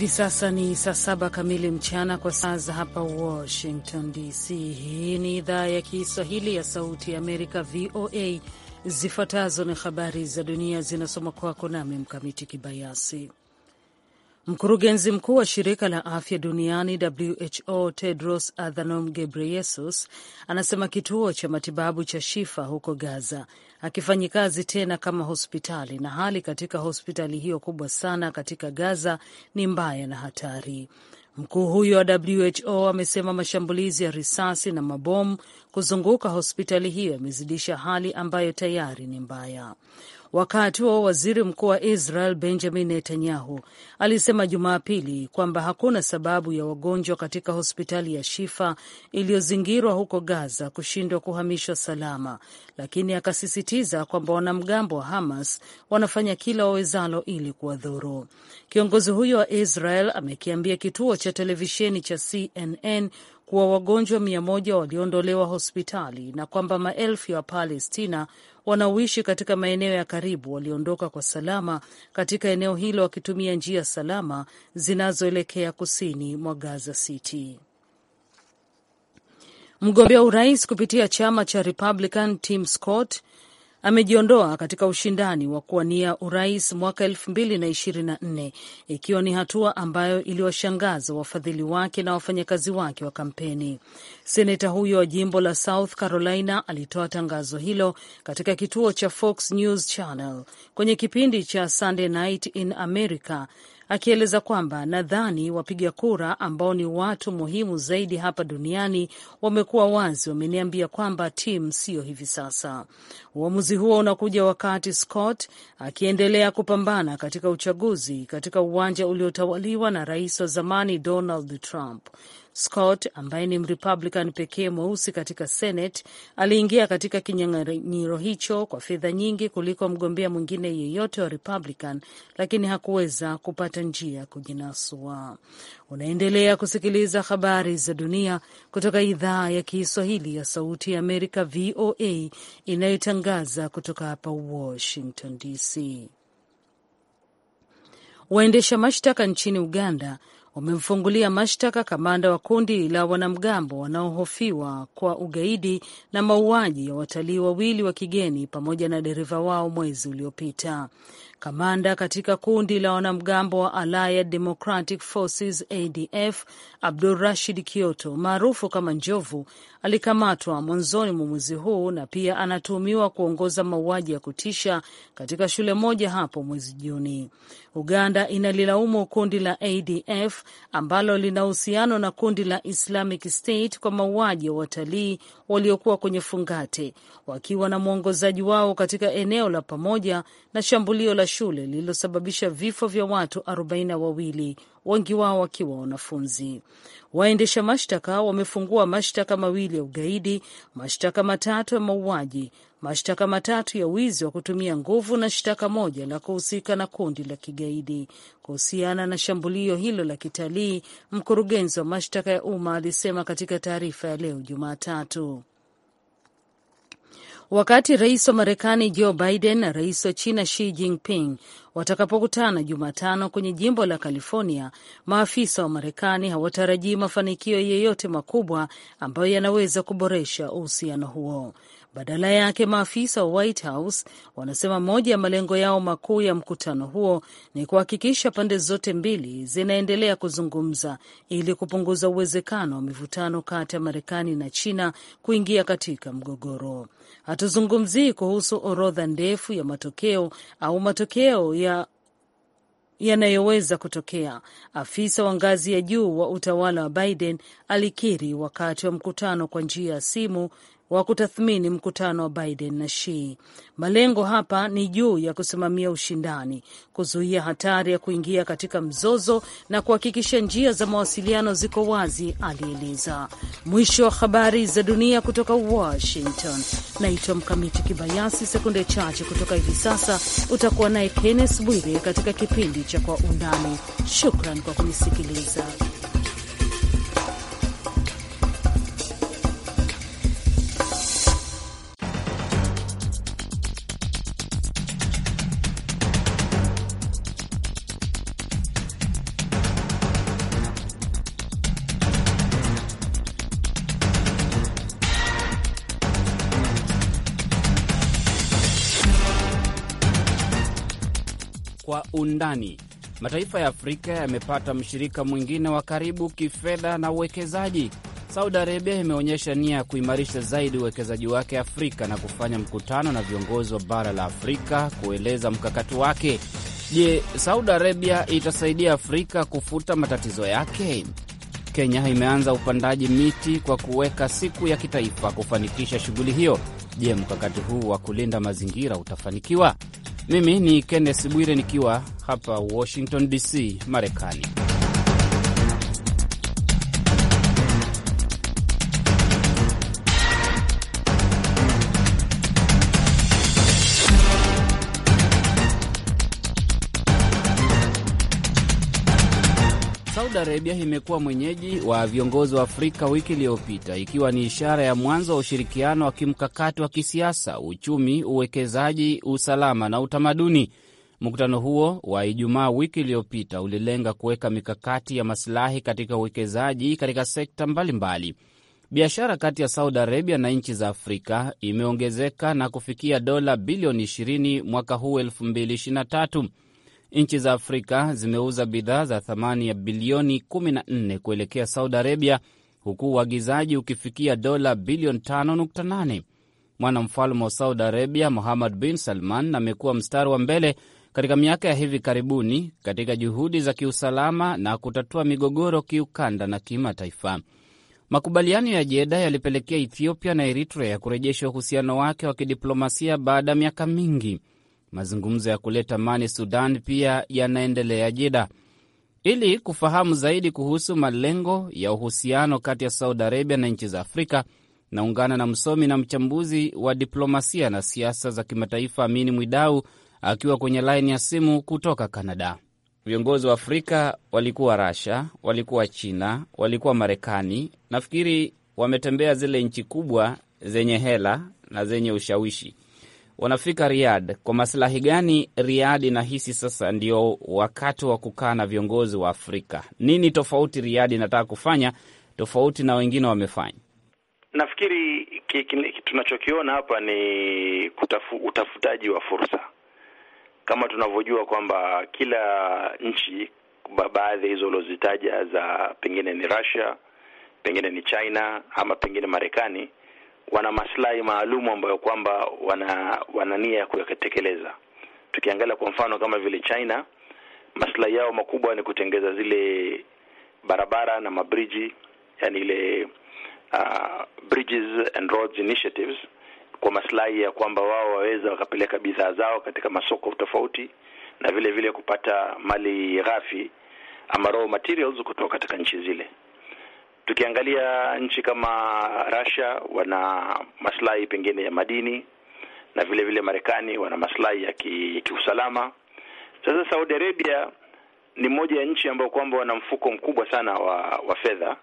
Hivi sasa ni saa saba kamili mchana kwa saa za hapa Washington DC. Hii ni idhaa ya Kiswahili ya Sauti ya Amerika, VOA. Zifuatazo ni habari za dunia, zinasoma kwako nami Mkamiti Kibayasi. Mkurugenzi mkuu wa shirika la afya duniani WHO Tedros Adhanom Ghebreyesus anasema kituo cha matibabu cha Shifa huko Gaza akifanyi kazi tena kama hospitali, na hali katika hospitali hiyo kubwa sana katika Gaza ni mbaya na hatari. Mkuu huyo wa WHO amesema mashambulizi ya risasi na mabomu kuzunguka hospitali hiyo yamezidisha hali ambayo tayari ni mbaya. Wakati wa waziri mkuu wa Israel Benjamin Netanyahu alisema Jumapili kwamba hakuna sababu ya wagonjwa katika hospitali ya Shifa iliyozingirwa huko Gaza kushindwa kuhamishwa salama, lakini akasisitiza kwamba wanamgambo wa Hamas wanafanya kila wawezalo ili kuwadhuru. Kiongozi huyo wa Israel amekiambia kituo cha televisheni cha CNN kuwa wagonjwa mia moja waliondolewa hospitali na kwamba maelfu ya Wapalestina wanaoishi katika maeneo ya karibu waliondoka kwa salama katika eneo hilo wakitumia njia salama zinazoelekea kusini mwa Gaza City. Mgombea urais kupitia chama cha Republican Tim Scott amejiondoa katika ushindani wa kuwania urais mwaka nne ikiwa ni hatua ambayo iliwashangaza wafadhili wake na wafanyakazi wake wa kampeni. Seneta huyo wa jimbo la South Carolina alitoa tangazo hilo katika kituo cha Fox News Channel kwenye kipindi cha Sunday Night in America akieleza kwamba nadhani wapiga kura ambao ni watu muhimu zaidi hapa duniani wamekuwa wazi, wameniambia kwamba timu siyo hivi sasa. Uamuzi huo unakuja wakati Scott akiendelea kupambana katika uchaguzi katika uwanja uliotawaliwa na rais wa zamani Donald Trump. Scott ambaye ni Mrepublican pekee mweusi katika Senate aliingia katika kinyang'anyiro hicho kwa fedha nyingi kuliko mgombea mwingine yeyote wa Republican, lakini hakuweza kupata njia ya kujinasua. Unaendelea kusikiliza habari za dunia kutoka idhaa ya Kiswahili ya Sauti ya Amerika, VOA, inayotangaza kutoka hapa Washington DC. Waendesha mashtaka nchini Uganda umemfungulia mashtaka kamanda wa kundi la wanamgambo wanaohofiwa kwa ugaidi na mauaji ya watalii wawili wa kigeni pamoja na dereva wao mwezi uliopita. Kamanda katika kundi la wanamgambo wa Allied Democratic Forces ADF, Abdul Rashid Kioto maarufu kama Njovu, alikamatwa mwanzoni mwa mwezi huu na pia anatuhumiwa kuongoza mauaji ya kutisha katika shule moja hapo mwezi Juni. Uganda inalilaumu kundi la ADF ambalo lina uhusiano na kundi la Islamic State kwa mauaji ya watalii waliokuwa kwenye fungate wakiwa na mwongozaji wao katika eneo la pamoja na shambulio la shule lililosababisha vifo vya watu arobaini na wawili, wengi wao wakiwa wanafunzi. Waendesha mashtaka wamefungua mashtaka mawili ya ugaidi, mashtaka matatu ya mauaji, mashtaka matatu ya wizi wa kutumia nguvu na shtaka moja la kuhusika na kundi la kigaidi. Kuhusiana na shambulio hilo la kitalii, mkurugenzi wa mashtaka ya umma alisema katika taarifa ya leo Jumatatu wakati rais wa Marekani Joe Biden na rais wa China Xi Jinping watakapokutana Jumatano kwenye jimbo la California, maafisa wa Marekani hawatarajii mafanikio yeyote makubwa ambayo yanaweza kuboresha uhusiano huo. Badala yake maafisa wa White House wanasema moja ya malengo yao makuu ya mkutano huo ni kuhakikisha pande zote mbili zinaendelea kuzungumza ili kupunguza uwezekano wa mivutano kati ya Marekani na China kuingia katika mgogoro. Hatuzungumzii kuhusu orodha ndefu ya matokeo au matokeo ya yanayoweza kutokea, afisa wa ngazi ya juu wa utawala wa Biden alikiri wakati wa mkutano kwa njia ya simu wa kutathmini mkutano wa Biden na Xi. Malengo hapa ni juu ya kusimamia ushindani, kuzuia hatari ya kuingia katika mzozo na kuhakikisha njia za mawasiliano ziko wazi, alieleza. Mwisho wa habari za dunia kutoka Washington. Naitwa Mkamiti Kibayasi. Sekunde chache kutoka hivi sasa utakuwa naye Kenneth Bwire katika kipindi cha Kwa Undani. Shukran kwa kunisikiliza. undani. Mataifa ya Afrika yamepata mshirika mwingine wa karibu kifedha na uwekezaji. Saudi Arabia imeonyesha nia ya kuimarisha zaidi uwekezaji wake Afrika na kufanya mkutano na viongozi wa bara la Afrika kueleza mkakati wake. Je, Saudi Arabia itasaidia Afrika kufuta matatizo yake? Kenya imeanza upandaji miti kwa kuweka siku ya kitaifa kufanikisha shughuli hiyo. Je, mkakati huu wa kulinda mazingira utafanikiwa? Mimi ni Kenneth Bwire nikiwa hapa Washington DC, Marekani. Arabia imekuwa mwenyeji wa viongozi wa Afrika wiki iliyopita, ikiwa ni ishara ya mwanzo wa ushirikiano wa kimkakati wa kisiasa, uchumi, uwekezaji, usalama na utamaduni. Mkutano huo wa Ijumaa wiki iliyopita ulilenga kuweka mikakati ya masilahi katika uwekezaji katika sekta mbalimbali. Biashara kati ya Saudi Arabia na nchi za Afrika imeongezeka na kufikia dola bilioni 20 mwaka huu 2023. Nchi za Afrika zimeuza bidhaa za thamani ya bilioni 14 kuelekea Saudi Arabia, huku uagizaji ukifikia dola bilioni 5.8. Mwanamfalme wa Saudi Arabia Muhammad bin Salman amekuwa mstari wa mbele katika miaka ya hivi karibuni katika juhudi za kiusalama na kutatua migogoro kiukanda na kimataifa. Makubaliano ya Jeda yalipelekea Ethiopia na Eritrea kurejesha uhusiano wake wa kidiplomasia baada ya miaka mingi. Mazungumzo ya kuleta amani Sudan pia yanaendelea Jida. Ili kufahamu zaidi kuhusu malengo ya uhusiano kati ya Saudi Arabia na nchi za Afrika, naungana na msomi na mchambuzi wa diplomasia na siasa za kimataifa Amini Mwidau akiwa kwenye laini ya simu kutoka Kanada. Viongozi wa Afrika walikuwa Rasha, walikuwa China, walikuwa Marekani. Nafikiri wametembea zile nchi kubwa zenye hela na zenye ushawishi wanafika riad kwa masilahi gani? riad inahisi sasa ndio wakati wa kukaa na viongozi wa Afrika. Nini tofauti riad inataka kufanya tofauti na wengine wamefanya? Nafikiri tunachokiona hapa ni kutafu, utafutaji wa fursa, kama tunavyojua kwamba kila nchi, baadhi hizo ulozitaja za pengine ni Russia, pengine ni China ama pengine Marekani wana maslahi maalum ambayo kwamba wana wana nia ya kuyatekeleza. Tukiangalia kwa mfano kama vile China, maslahi yao makubwa ni kutengeza zile barabara na mabriji, yani ile uh, bridges and roads initiatives kwa maslahi ya kwamba wao waweza wakapeleka bidhaa zao katika masoko tofauti na vile vile kupata mali ghafi ama raw materials kutoka katika nchi zile. Tukiangalia nchi kama Russia wana maslahi pengine ya madini na vile vile Marekani wana maslahi ya kiusalama. Sasa Saudi Arabia ni moja ya nchi ambayo kwamba wana mfuko mkubwa sana wa, wa fedha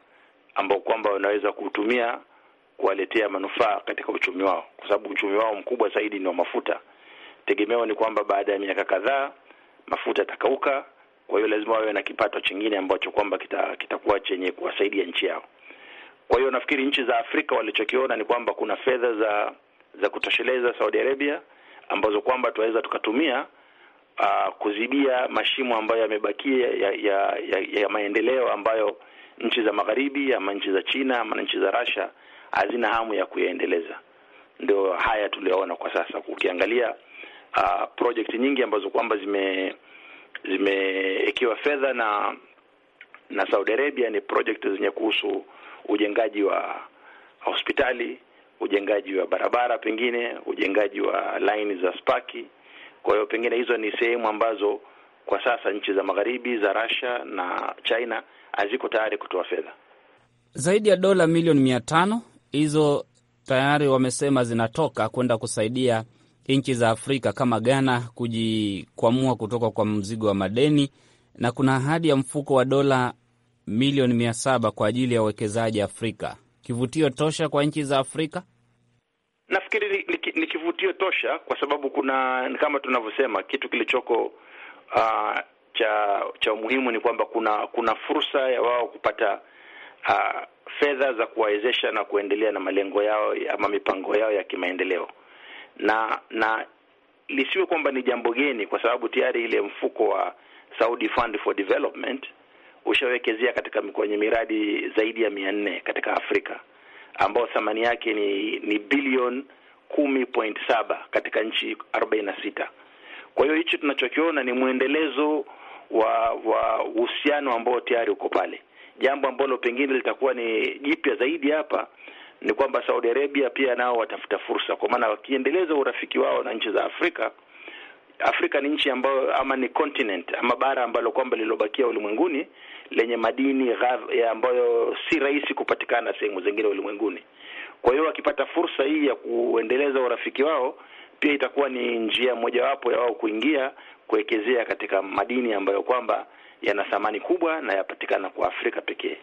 ambao kwamba wanaweza kuutumia kuwaletea manufaa katika uchumi wao, kwa sababu uchumi wao mkubwa zaidi ni wa mafuta. Tegemeo ni kwamba baada ya miaka kadhaa mafuta yatakauka kwa hiyo lazima wawe na kipato chingine ambacho kwamba kitakuwa kita chenye kuwasaidia nchi yao. Kwa hiyo nafikiri nchi za Afrika walichokiona ni kwamba kuna fedha za za kutosheleza Saudi Arabia ambazo kwamba tunaweza tukatumia uh, kuzibia mashimo ambayo yamebakia ya, ya, ya, ya maendeleo ambayo nchi za magharibi ama nchi za China ama nchi za Russia hazina hamu ya kuyaendeleza. Ndio haya tuliyoona kwa sasa. Ukiangalia uh, ah, project nyingi ambazo kwamba zime zime Umiliki wa fedha na na Saudi Arabia ni project zenye kuhusu ujengaji wa hospitali, ujengaji wa barabara, pengine ujengaji wa line za spaki. Kwa hiyo pengine hizo ni sehemu ambazo kwa sasa nchi za magharibi za Russia na China haziko tayari kutoa fedha zaidi ya dola milioni mia tano. Hizo tayari wamesema zinatoka kwenda kusaidia nchi za Afrika kama Ghana kujikwamua kutoka kwa mzigo wa madeni na kuna ahadi ya mfuko wa dola milioni mia saba kwa ajili ya uwekezaji Afrika. Kivutio tosha kwa nchi za Afrika? Nafikiri ni, ni, ni kivutio tosha kwa sababu kuna kama tunavyosema kitu kilichoko uh, cha cha umuhimu ni kwamba kuna kuna fursa ya wao kupata uh, fedha za kuwawezesha na kuendelea na malengo yao ama mipango yao ya kimaendeleo, na na lisiwe kwamba ni jambo geni, kwa sababu tayari ile mfuko wa Saudi Fund for Development ushawekezea katika kwenye miradi zaidi ya mia nne katika Afrika ambao thamani yake ni ni bilioni kumi point saba katika nchi arobaini na sita. Kwa hiyo hicho tunachokiona ni mwendelezo wa wa uhusiano ambao tayari uko pale. Jambo ambalo pengine litakuwa ni jipya zaidi hapa ni kwamba Saudi Arabia pia nao watafuta fursa, kwa maana wakiendeleza urafiki wao na nchi za Afrika Afrika ni nchi ambayo ama ni continent ama bara ambalo kwamba lililobakia ulimwenguni lenye madini ambayo si rahisi kupatikana sehemu zingine ulimwenguni. Kwa hiyo wakipata fursa hii ya kuendeleza urafiki wao, pia itakuwa ni njia mojawapo ya wao kuingia kuwekezea katika madini ambayo kwamba yana thamani kubwa na yapatikana kwa Afrika pekee.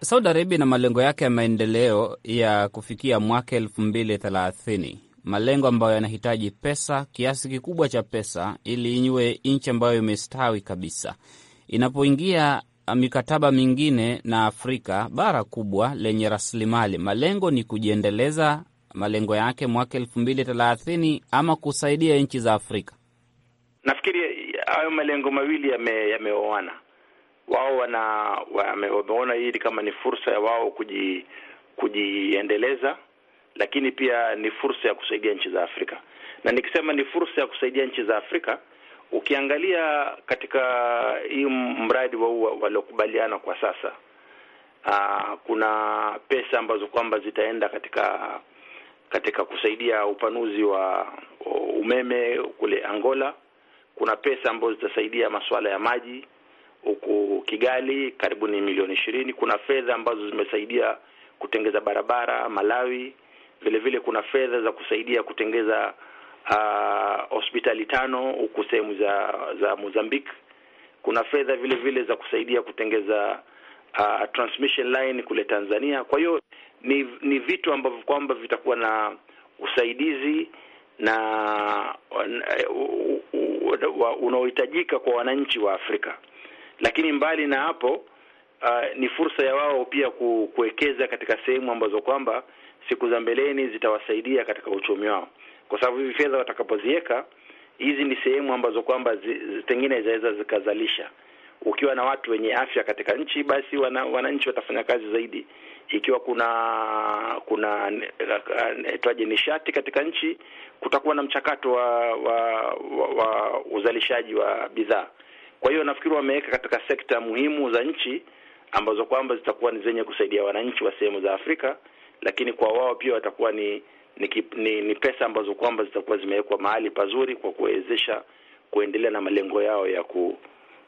Saudi Arabia na malengo yake ya maendeleo ya kufikia mwaka elfu mbili thelathini malengo ambayo yanahitaji pesa, kiasi kikubwa cha pesa, ili iwe nchi ambayo imestawi kabisa. Inapoingia uh, mikataba mingine na Afrika, bara kubwa lenye rasilimali, malengo ni kujiendeleza malengo yake mwaka elfu mbili thelathini ama kusaidia nchi za Afrika. Nafikiri uh, hayo malengo mawili yameoana. Wao wameona hili kama ni fursa ya wao kuji, kujiendeleza lakini pia ni fursa ya kusaidia nchi za Afrika. Na nikisema ni fursa ya kusaidia nchi za Afrika, ukiangalia katika hii mradi wa waliokubaliana kwa sasa, aa, ah, kuna pesa ambazo kwamba zitaenda katika katika kusaidia upanuzi wa umeme kule Angola. Kuna pesa ambazo zitasaidia masuala ya maji huku Kigali, karibuni milioni ishirini. Kuna fedha ambazo zimesaidia kutengeza barabara Malawi. Vile vile kuna fedha za kusaidia kutengeza ah, hospitali tano huku sehemu za za Mozambique. Kuna fedha vile vile za kusaidia kutengeza uh, transmission line kule Tanzania. Kwa hiyo ni ni vitu ambavyo kwamba vitakuwa na usaidizi na unaohitajika kwa wananchi wa Afrika. Lakini mbali na hapo, uh, ni fursa ya wao pia kuwekeza katika sehemu ambazo kwamba siku za mbeleni zitawasaidia katika uchumi wao, kwa sababu hivi fedha watakapoziweka hizi ni sehemu ambazo kwamba pengine zaweza zikazalisha. Ukiwa na watu wenye afya katika nchi, basi wananchi watafanya kazi zaidi. Ikiwa kuna kuna naitwaje, nishati katika nchi, kutakuwa na mchakato wa wa, wa, wa uzalishaji wa bidhaa. Kwa hiyo nafikiri wameweka katika sekta muhimu za nchi ambazo kwamba zitakuwa ni zenye kusaidia wananchi wa sehemu za Afrika lakini kwa wao pia watakuwa ni ni, ni ni pesa ambazo kwamba zitakuwa zimewekwa mahali pazuri kwa kuwezesha kuendelea na malengo yao ya ku,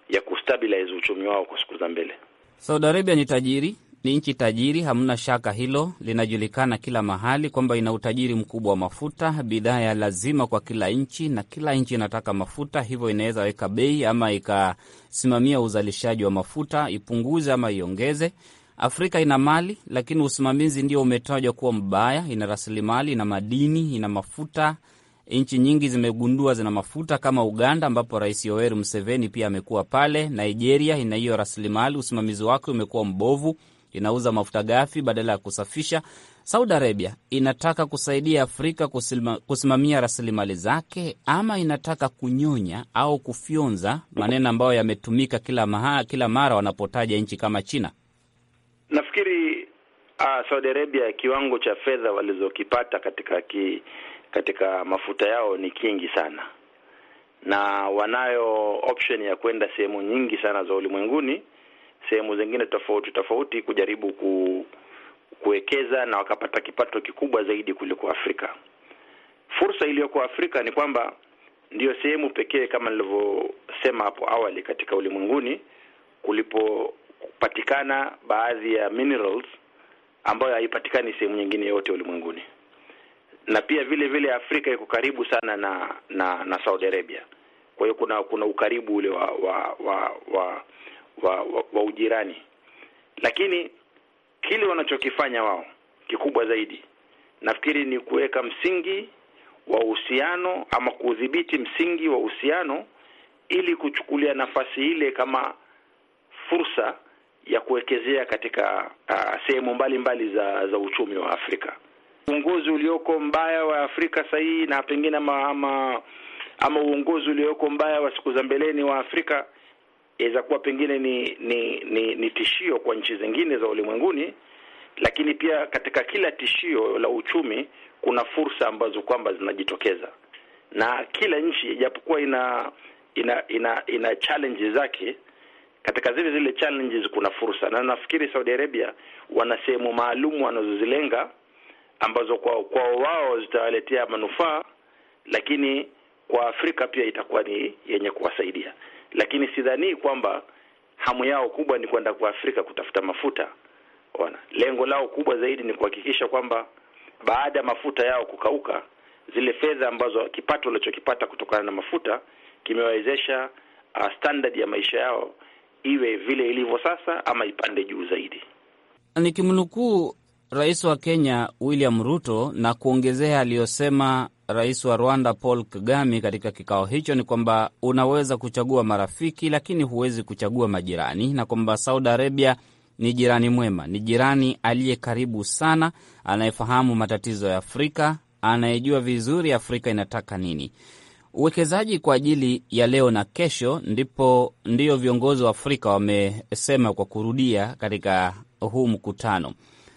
ya kustabilize uchumi wao kwa siku za mbele. Saudi Arabia ni tajiri, ni nchi tajiri, hamna shaka hilo, linajulikana kila mahali kwamba ina utajiri mkubwa wa mafuta, bidhaa ya lazima kwa kila nchi, na kila nchi inataka mafuta, hivyo inaweza weka bei ama ikasimamia uzalishaji wa mafuta, ipunguze ama iongeze. Afrika ina mali, lakini usimamizi ndio umetajwa kuwa mbaya. Ina rasilimali, ina madini, ina mafuta. Nchi nyingi zimegundua zina mafuta kama Uganda, ambapo Rais Yoweri Museveni pia amekuwa pale. Nigeria ina hiyo rasilimali, usimamizi wake umekuwa mbovu, inauza mafuta ghafi badala ya kusafisha. Saudi Arabia inataka kusaidia Afrika kusilma, kusimamia rasilimali zake, ama inataka kunyonya au kufyonza, maneno ambayo yametumika kila, kila mara wanapotaja nchi kama China. Nafikiri uh, Saudi Arabia kiwango cha fedha walizokipata katika ki, katika mafuta yao ni kingi sana, na wanayo option ya kwenda sehemu nyingi sana za ulimwenguni, sehemu zingine tofauti tofauti, kujaribu ku, kuwekeza na wakapata kipato kikubwa zaidi kuliko Afrika. Fursa iliyoko Afrika ni kwamba ndiyo sehemu pekee kama nilivyosema hapo awali katika ulimwenguni kulipo kupatikana baadhi ya minerals ambayo haipatikani sehemu nyingine yote ulimwenguni, na pia vile vile Afrika iko karibu sana na na na Saudi Arabia. Kwa hiyo kuna kuna ukaribu ule wa wa wa wa, wa, wa, wa ujirani, lakini kile wanachokifanya wao kikubwa zaidi nafikiri ni kuweka msingi wa uhusiano ama kudhibiti msingi wa uhusiano ili kuchukulia nafasi ile kama fursa ya kuwekezea katika uh, sehemu mbalimbali za za uchumi wa Afrika. Uongozi ulioko mbaya wa Afrika sasa hii na pengine ama, ama, ama uongozi ulioko mbaya wa siku za mbeleni wa Afrika inaweza kuwa pengine ni ni, ni ni tishio kwa nchi zingine za ulimwenguni, lakini pia katika kila tishio la uchumi kuna fursa ambazo kwamba zinajitokeza, na kila nchi ijapokuwa ina ina ina, ina challenge zake katika zile zile challenges kuna fursa, na nafikiri Saudi Arabia wana sehemu maalum wanazozilenga ambazo kwao kwa wao zitawaletea manufaa, lakini kwa Afrika pia itakuwa ni yenye kuwasaidia, lakini sidhani kwamba hamu yao kubwa ni kwenda kwa Afrika kutafuta mafuta. Ona, lengo lao kubwa zaidi ni kuhakikisha kwamba baada ya mafuta yao kukauka, zile fedha ambazo kipato walichokipata kutokana na mafuta kimewawezesha uh, standard ya maisha yao iwe vile ilivyo sasa ama ipande juu zaidi. Nikimnukuu rais wa Kenya William Ruto na kuongezea aliyosema rais wa Rwanda Paul Kagame katika kikao hicho ni kwamba unaweza kuchagua marafiki lakini huwezi kuchagua majirani, na kwamba Saudi Arabia ni jirani mwema, ni jirani aliye karibu sana, anayefahamu matatizo ya Afrika, anayejua vizuri Afrika inataka nini uwekezaji kwa ajili ya leo na kesho, ndipo ndiyo viongozi wa Afrika wamesema kwa kurudia katika huu mkutano.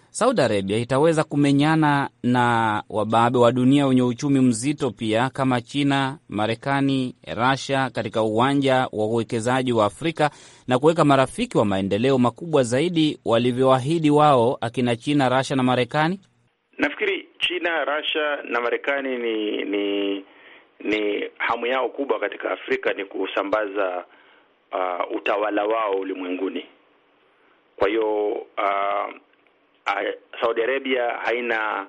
Saudi Arabia itaweza kumenyana na wababe wa dunia wenye uchumi mzito pia kama China, Marekani, Russia katika uwanja wa uwekezaji wa Afrika na kuweka marafiki wa maendeleo makubwa zaidi walivyoahidi wao akina China, Russia na Marekani. Nafikiri China, Russia na Marekani ni, ni ni hamu yao kubwa katika Afrika ni kusambaza uh, utawala wao ulimwenguni. Kwa hiyo uh, uh, Saudi Arabia haina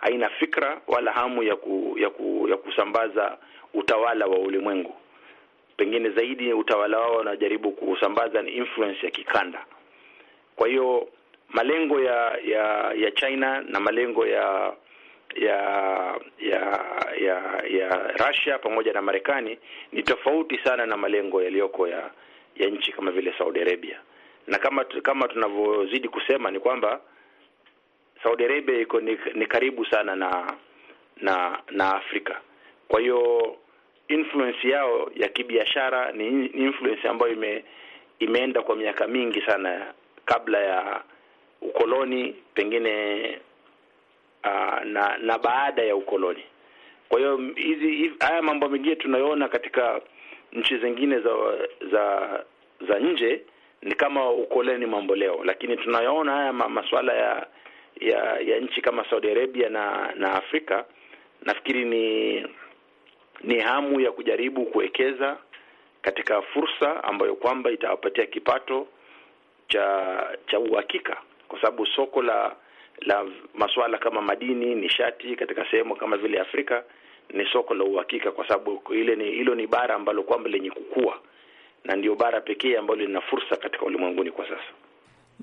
haina fikra wala hamu ya, ku, ya, ku, ya kusambaza utawala wa ulimwengu. Pengine zaidi utawala wao wanajaribu kusambaza ni influence ya kikanda. Kwa hiyo malengo ya ya ya China na malengo ya ya ya ya ya Russia pamoja na Marekani ni tofauti sana na malengo yaliyoko ya ya nchi kama vile Saudi Arabia, na kama kama tunavyozidi kusema ni kwamba Saudi Arabia iko ni, ni karibu sana na na na Afrika. Kwa hiyo influence yao ya kibiashara ni, ni influence ambayo ime, imeenda kwa miaka mingi sana kabla ya ukoloni, pengine Uh, na na baada ya ukoloni. Kwa hiyo hizi haya mambo mengine tunayoona katika nchi zingine za za za nje ni kama ukoloni mambo leo, lakini tunayoona haya masuala ya ya ya nchi kama Saudi Arabia na na Afrika nafikiri ni ni hamu ya kujaribu kuwekeza katika fursa ambayo kwamba itawapatia kipato cha cha uhakika, kwa sababu soko la la masuala kama madini, nishati katika sehemu kama vile Afrika ni soko la uhakika, kwa sababu ile ni hilo ni bara ambalo kwamba lenye kukua na ndio bara pekee ambalo lina fursa katika ulimwenguni kwa sasa.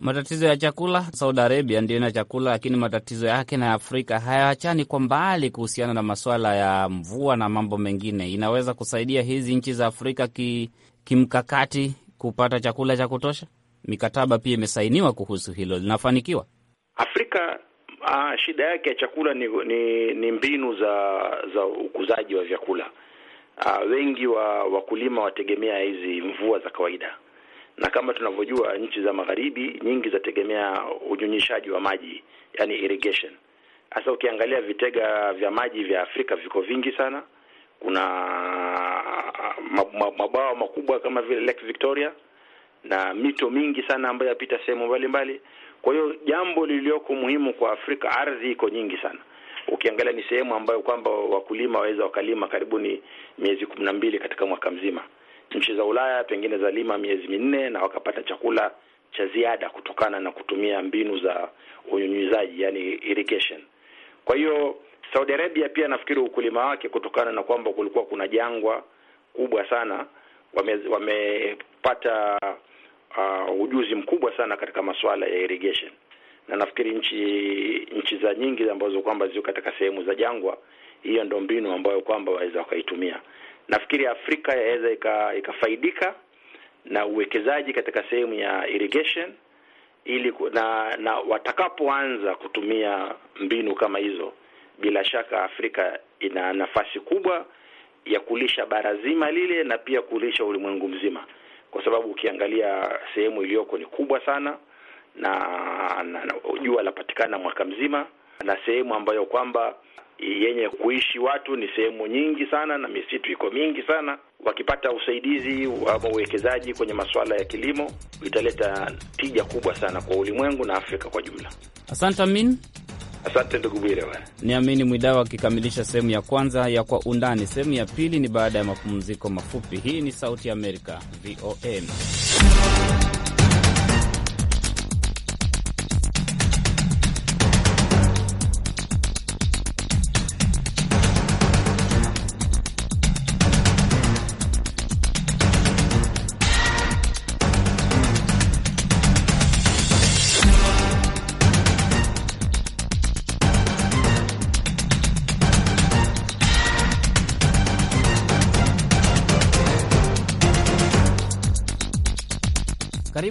Matatizo ya chakula, Saudi Arabia ndio ina chakula, lakini matatizo yake na Afrika hayaachani kwa mbali kuhusiana na masuala ya mvua na mambo mengine. Inaweza kusaidia hizi nchi za Afrika ki, kimkakati kupata chakula cha kutosha. Mikataba pia imesainiwa kuhusu hilo, linafanikiwa Afrika a, ah, shida yake ya chakula ni, ni, ni mbinu za za ukuzaji wa vyakula. a, ah, wengi wa wakulima wategemea hizi mvua za kawaida, na kama tunavyojua nchi za magharibi nyingi zategemea unyunyishaji wa maji, yani irrigation. Sasa ukiangalia vitega vya maji vya Afrika viko vingi sana. Kuna mabwawa makubwa kama vile Lake Victoria na mito mingi sana ambayo yapita sehemu mbalimbali. Kwa hiyo jambo lililoko muhimu kwa Afrika, ardhi iko nyingi sana. Ukiangalia ni sehemu ambayo kwamba wakulima waweza wakalima karibuni miezi kumi na mbili katika mwaka mzima. Nchi za Ulaya pengine zalima miezi minne na wakapata chakula cha ziada kutokana na kutumia mbinu za unyunyizaji, yani irrigation. Kwa hiyo Saudi Arabia pia nafikiri ukulima wake kutokana na kwamba kulikuwa kuna jangwa kubwa sana, wamepata wame uh, ujuzi mkubwa sana katika masuala ya irrigation, na nafikiri nchi nchi za nyingi ambazo kwamba ziko katika sehemu za jangwa, hiyo ndio mbinu ambayo kwamba waweza wakaitumia. Nafikiri Afrika yaweza ikafaidika na uwekezaji katika sehemu ya irrigation ili na, na watakapoanza kutumia mbinu kama hizo, bila shaka Afrika ina nafasi kubwa ya kulisha bara zima lile na pia kulisha ulimwengu mzima kwa sababu ukiangalia sehemu iliyoko ni kubwa sana na, na, na jua lapatikana mwaka mzima na sehemu ambayo kwamba yenye kuishi watu ni sehemu nyingi sana na misitu iko mingi sana. Wakipata usaidizi ama uwekezaji kwenye masuala ya kilimo, italeta tija kubwa sana kwa ulimwengu na Afrika kwa jumla. Asante Amin. Asante ndugu Bwire. Niamini Mwidao akikamilisha sehemu ya kwanza ya Kwa Undani. Sehemu ya pili ni baada ya mapumziko mafupi. Hii ni Sauti ya Amerika, VOA.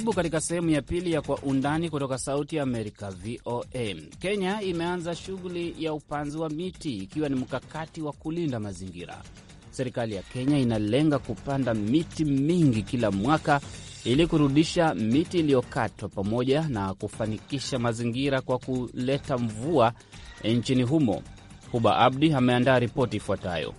Karibu katika sehemu ya pili ya Kwa Undani kutoka Sauti Amerika, VOA. Kenya imeanza shughuli ya upanzi wa miti ikiwa ni mkakati wa kulinda mazingira. Serikali ya Kenya inalenga kupanda miti mingi kila mwaka ili kurudisha miti iliyokatwa pamoja na kufanikisha mazingira kwa kuleta mvua nchini humo. Huba Abdi ameandaa ripoti ifuatayo.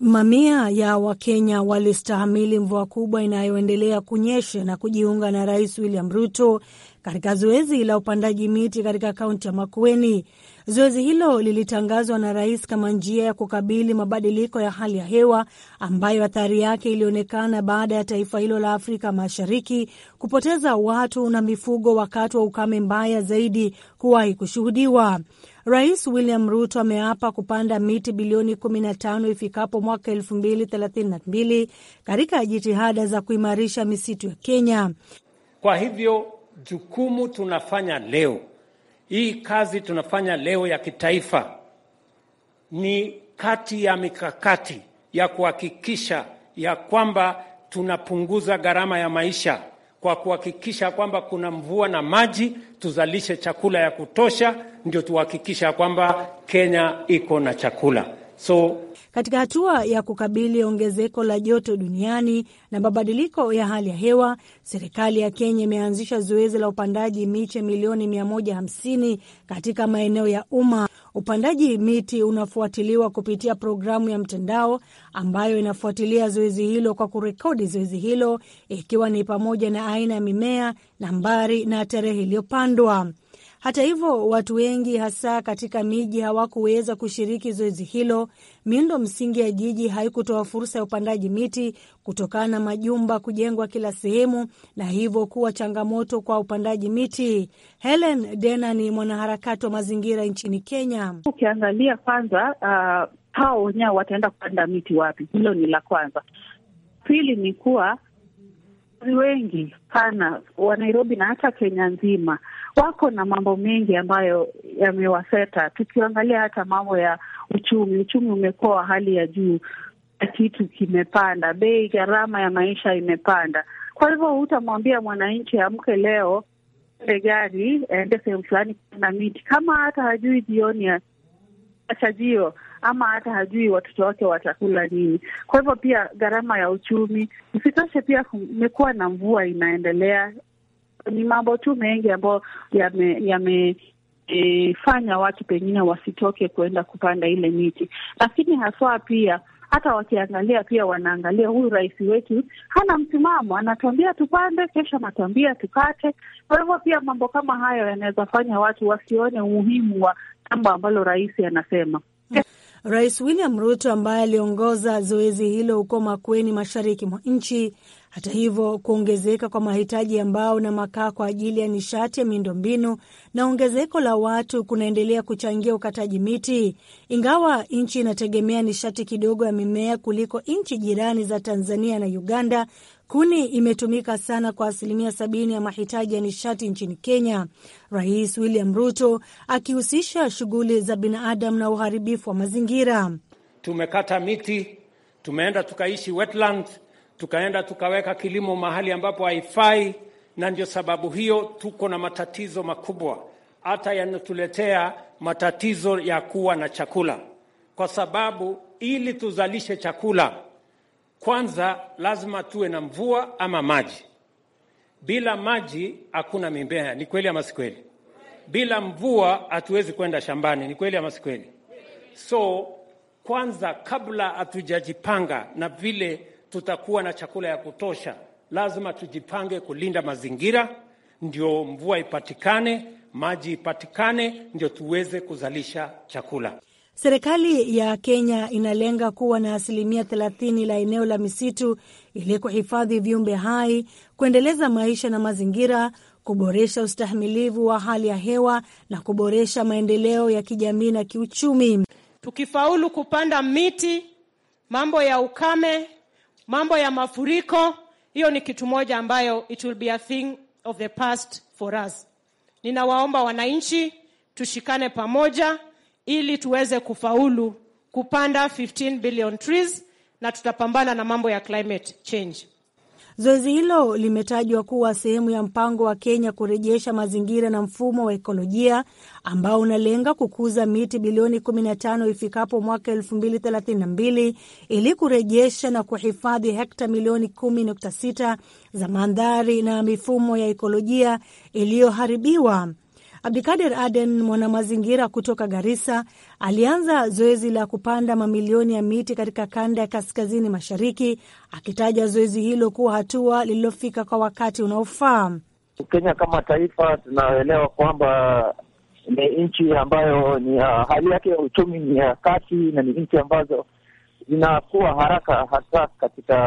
Mamia ya Wakenya walistahamili mvua kubwa inayoendelea kunyesha na kujiunga na Rais William Ruto katika zoezi la upandaji miti katika kaunti ya Makueni. Zoezi hilo lilitangazwa na rais kama njia ya kukabili mabadiliko ya hali ya hewa ambayo athari yake ilionekana baada ya taifa hilo la Afrika Mashariki kupoteza watu na mifugo wakati wa ukame mbaya zaidi kuwahi kushuhudiwa. Rais William Ruto ameapa kupanda miti bilioni 15 ifikapo mwaka 2032 katika jitihada za kuimarisha misitu ya Kenya. Kwa hivyo jukumu tunafanya leo, hii kazi tunafanya leo ya kitaifa ni kati ya mikakati ya kuhakikisha ya kwamba tunapunguza gharama ya maisha kwa kuhakikisha kwamba kuna mvua na maji, tuzalishe chakula ya kutosha, ndio tuhakikisha kwamba Kenya iko na chakula so katika hatua ya kukabili ongezeko la joto duniani na mabadiliko ya hali ya hewa, serikali ya Kenya imeanzisha zoezi la upandaji miche milioni 150 katika maeneo ya umma. Upandaji miti unafuatiliwa kupitia programu ya mtandao ambayo inafuatilia zoezi hilo kwa kurekodi zoezi hilo, ikiwa ni pamoja na aina ya mimea, nambari na tarehe iliyopandwa. Hata hivyo, watu wengi hasa katika miji hawakuweza kushiriki zoezi hilo. Miundo msingi ya jiji haikutoa fursa ya upandaji miti kutokana na majumba kujengwa kila sehemu, na hivyo kuwa changamoto kwa upandaji miti. Helen Dena ni mwanaharakati wa mazingira nchini Kenya. Ukiangalia kwanza, uh, hao wenyewe wataenda kupanda miti wapi? Hilo ni la kwanza. Pili ni kuwa wengi sana wa Nairobi na hata Kenya nzima Wako na mambo mengi ambayo yamewaseta. Tukiangalia hata mambo ya uchumi, uchumi umekuwa wa hali ya juu, kitu kimepanda bei, gharama ya maisha imepanda. Kwa hivyo hutamwambia mwananchi amke leo ende gari ende sehemu fulani kupanda miti, kama hata hajui jioni ya chajio ama hata hajui watoto wake watakula nini. Kwa hivyo pia gharama ya uchumi, usitoshe pia kumekuwa na mvua inaendelea ni mambo tu mengi ambayo yamefanya eh, e, watu pengine wasitoke kuenda kupanda ile miti, lakini haswa pia hata wakiangalia pia wanaangalia huyu rais wetu hana msimamo, anatuambia tupande, kesho anatuambia tukate. Kwa hivyo pia mambo kama hayo yanaweza fanya watu wasione umuhimu wa jambo ambalo rais anasema. Rais William Ruto ambaye aliongoza zoezi hilo huko Makueni, mashariki mwa nchi, hata hivyo, kuongezeka kwa mahitaji ya mbao na makaa kwa ajili ya nishati ya miundombinu na ongezeko la watu kunaendelea kuchangia ukataji miti. Ingawa nchi inategemea nishati kidogo ya mimea kuliko nchi jirani za Tanzania na Uganda, kuni imetumika sana kwa asilimia sabini ya mahitaji ya nishati nchini Kenya. Rais William Ruto akihusisha shughuli za binadamu na uharibifu wa mazingira. Tumekata miti, tumeenda tukaishi wetland tukaenda tukaweka kilimo mahali ambapo haifai, na ndio sababu hiyo tuko na matatizo makubwa, hata yanatuletea matatizo ya kuwa na chakula, kwa sababu ili tuzalishe chakula kwanza lazima tuwe na mvua ama maji. Bila maji hakuna mimea. Ni kweli ama si kweli? Bila mvua hatuwezi kwenda shambani. Ni kweli ama si kweli? So kwanza, kabla hatujajipanga na vile tutakuwa na chakula ya kutosha. Lazima tujipange kulinda mazingira, ndio mvua ipatikane, maji ipatikane, ndio tuweze kuzalisha chakula. Serikali ya Kenya inalenga kuwa na asilimia 30 la eneo la misitu ili kuhifadhi viumbe hai, kuendeleza maisha na mazingira, kuboresha ustahimilivu wa hali ya hewa na kuboresha maendeleo ya kijamii na kiuchumi. Tukifaulu kupanda miti, mambo ya ukame Mambo ya mafuriko, hiyo ni kitu moja ambayo it will be a thing of the past for us. Ninawaomba wananchi tushikane pamoja ili tuweze kufaulu kupanda 15 billion trees na tutapambana na mambo ya climate change. Zoezi hilo limetajwa kuwa sehemu ya mpango wa Kenya kurejesha mazingira na mfumo wa ekolojia ambao unalenga kukuza miti bilioni 15 ifikapo mwaka 2032 ili kurejesha na kuhifadhi hekta milioni 10.6 za mandhari na mifumo ya ekolojia iliyoharibiwa. Abdikadir Aden, mwanamazingira kutoka Garissa, alianza zoezi la kupanda mamilioni ya miti katika kanda ya kaskazini mashariki, akitaja zoezi hilo kuwa hatua lililofika kwa wakati unaofaa. Kenya kama taifa tunaelewa kwamba ni nchi ambayo ni ya ah, hali yake ya uchumi ni ya kati na ni nchi ambazo zinakuwa haraka hasa katika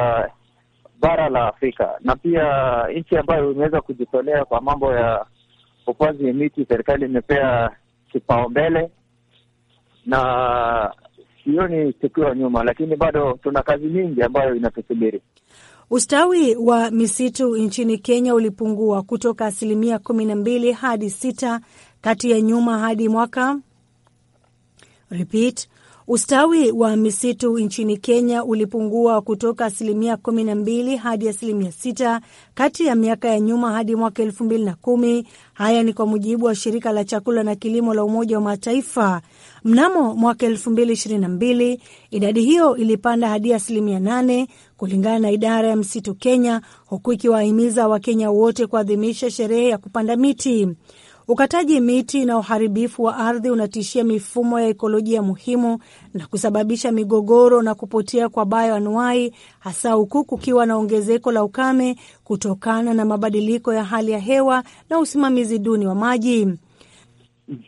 bara la Afrika na pia nchi ambayo imeweza kujitolea kwa mambo ya upanzi miti serikali imepea kipaumbele na sioni tukiwa nyuma, lakini bado tuna kazi nyingi ambayo inatusubiri. Ustawi wa misitu nchini Kenya ulipungua kutoka asilimia kumi na mbili hadi sita kati ya nyuma hadi mwaka repeat Ustawi wa misitu nchini Kenya ulipungua kutoka asilimia 12 hadi asilimia 6 kati ya miaka ya nyuma hadi mwaka 2010. Haya ni kwa mujibu wa shirika la chakula na kilimo la Umoja wa Mataifa. Mnamo mwaka 2022 idadi hiyo ilipanda hadi asilimia 8 kulingana na idara ya msitu Kenya, huku ikiwahimiza Wakenya wote kuadhimisha sherehe ya kupanda miti. Ukataji miti na uharibifu wa ardhi unatishia mifumo ya ekolojia muhimu na kusababisha migogoro na kupotea kwa bayoanuai, hasa huku kukiwa na ongezeko la ukame kutokana na mabadiliko ya hali ya hewa na usimamizi duni wa maji.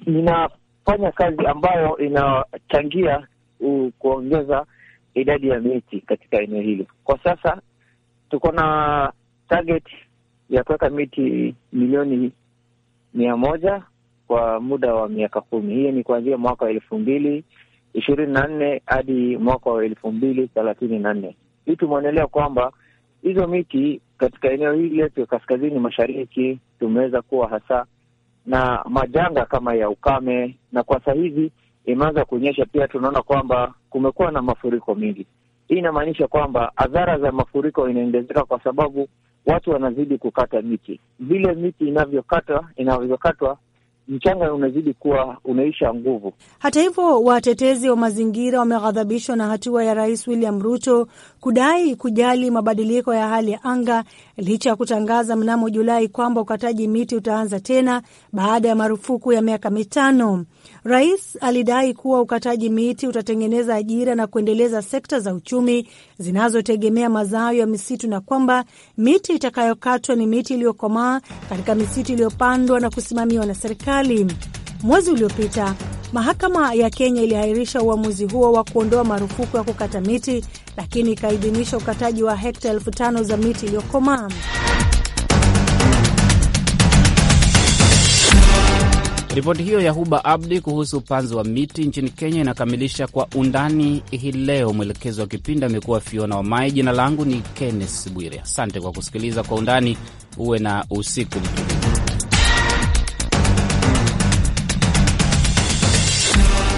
Ninafanya kazi ambayo inachangia kuongeza idadi ya miti katika eneo hili. Kwa sasa tuko na target ya kuweka miti milioni mia moja kwa muda wa miaka kumi. Hiyo ni kuanzia mwaka wa elfu mbili ishirini na nne hadi mwaka wa elfu mbili thelathini na nne. Hii tumeonelea kwamba hizo miti katika eneo hili letu kaskazini mashariki tumeweza kuwa hasa na majanga kama ya ukame, na kwa sahizi hivi imeanza kuonyesha pia, tunaona kwamba kumekuwa na mafuriko mengi. Hii inamaanisha kwamba adhara za mafuriko inaongezeka, kwa sababu watu wanazidi kukata miti. Vile miti inavyokatwa inavyokatwa mchanga unazidi kuwa unaisha nguvu. Hata hivyo, watetezi wa mazingira wameghadhabishwa na hatua ya Rais William Ruto kudai kujali mabadiliko ya hali ya anga licha ya kutangaza mnamo Julai kwamba ukataji miti utaanza tena baada ya marufuku ya miaka mitano. Rais alidai kuwa ukataji miti utatengeneza ajira na kuendeleza sekta za uchumi zinazotegemea mazao ya misitu na kwamba miti itakayokatwa ni miti iliyokomaa katika misitu iliyopandwa na kusimamiwa na serikali. Mwezi uliopita mahakama ya Kenya iliahirisha uamuzi huo wa kuondoa marufuku ya kukata miti, lakini ikaidhinisha ukataji wa hekta elfu tano za miti iliyokomaa. Ripoti hiyo ya Huba Abdi kuhusu upanzi wa miti nchini Kenya inakamilisha kwa undani hii leo. Mwelekezi wa kipindi amekuwa Fiona Wamai. Jina langu ni Kenneth Bwire, asante kwa kusikiliza kwa undani. Uwe na usiku mtulivu.